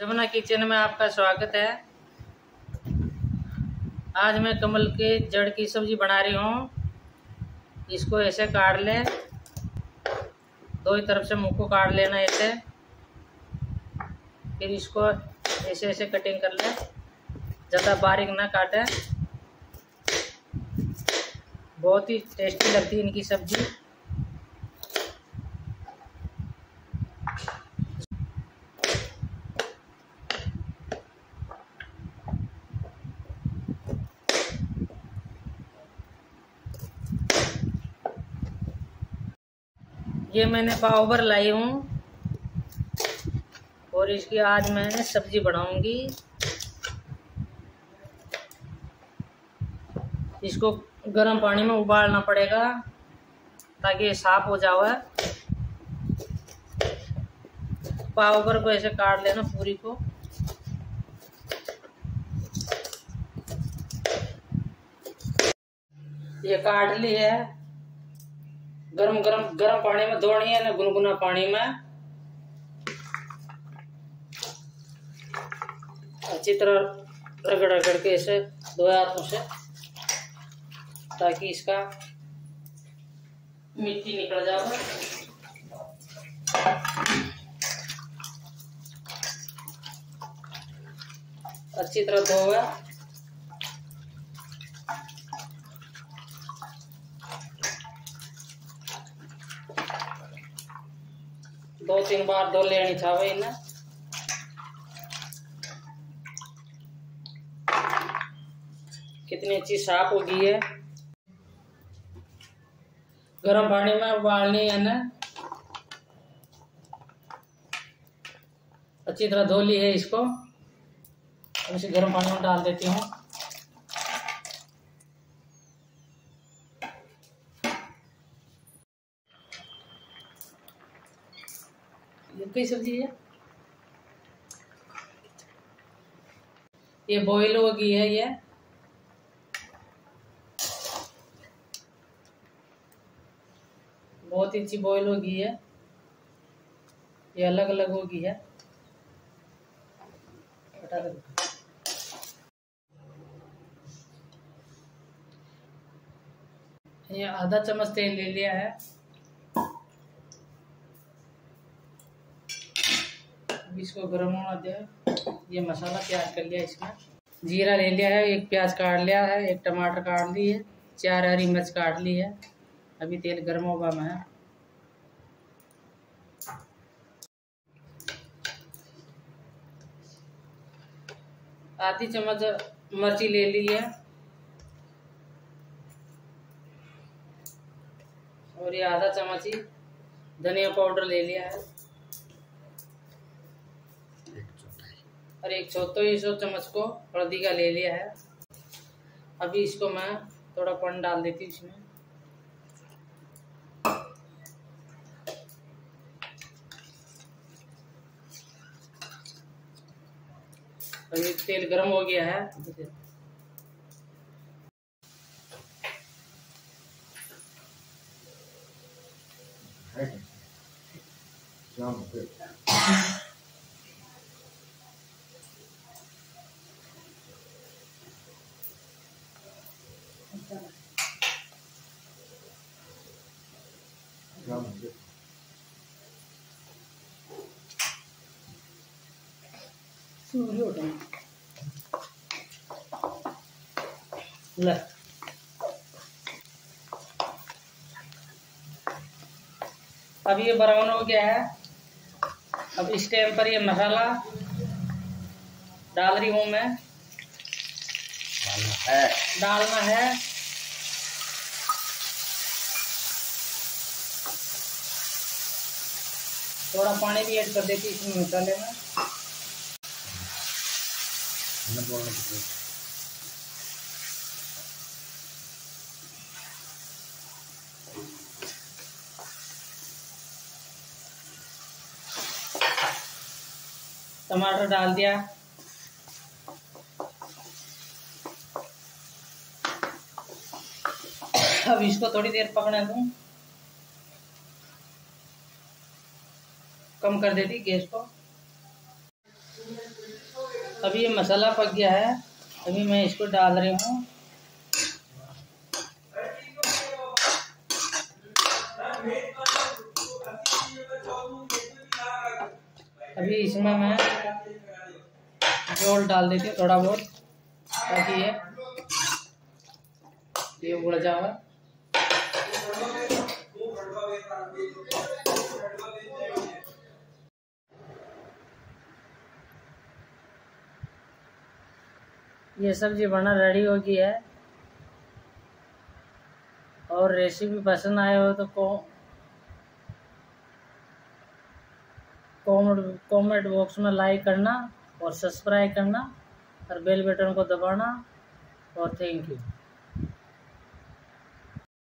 Jamuna kitchen में आपका स्वागत है आज मैं कमल के जड़ की सब्जी बना रही हूँ इसको ऐसे काट लें दो ही तरफ से मुँह को काट लेना ऐसे फिर इसको ऐसे ऐसे कटिंग कर लें ज़्यादा बारीक ना काटें बहुत ही टेस्टी लगती है इनकी सब्ज़ी ये मैंने पावर लाई हूँ और इसकी आज मैं सब्जी बनाऊंगी इसको गर्म पानी में उबालना पड़ेगा ताकि ये साफ हो जाओ है पावर को ऐसे काट लेना पूरी को ये काट ली है गरम गरम गरम पानी में धोनी है ना गुनगुना पानी में अच्छी तरह रगड़ रगड़ के इसे दो हाथों से ताकि इसका मिट्टी निकल जाए अच्छी तरह धोगा दो तीन बार दो लेनी था वही ना कितनी अच्छी साफ हो गई है गर्म पानी में उबालनी है ना अच्छी तरह धो ली है इसको इसे गर्म पानी में डाल देती हूँ कई सब्जी है ये बॉईल हो गई है ये बहुत ही अच्छी बॉईल हो गई है ये अलग अलग हो गई है ये आधा चम्मच तेल ले लिया है इसको गर्म होना दिया ये मसाला तैयार कर लिया इसमें जीरा ले लिया है एक प्याज काट लिया है एक टमाटर काट ली है चार हरी मिर्च काट ली है अभी तेल गर्म होगा मैं आधी चम्मच मिर्ची ले ली है और ये आधा चम्मच ही धनिया पाउडर ले लिया है और एक छोटो ही सौ चम्मच को हल्दी का ले लिया है अभी इसको मैं थोड़ा पन डाल देती हूँ इसमें अभी तेल गर्म हो गया है ले अब ये ब्राउन हो गया है अब इस टाइम पर ये मसाला डाल रही हूँ मैं डालना है डालना है थोड़ा पानी भी ऐड कर देती इसमें मसाले में टमाटर डाल दिया अब इसको थोड़ी देर पकने दूं कम कर देती गैस को अभी ये मसाला पक गया है अभी मैं इसको डाल रही हूँ अभी इसमें मैं जोल डाल देती हूँ थोड़ा बहुत ताकि ये ये उड़ जाओ ये सब्जी बना रेडी हो गई है और रेसिपी पसंद आए हो तो को कॉमेंट बॉक्स में लाइक करना और सब्सक्राइब करना और बेल बटन को दबाना और थैंक यू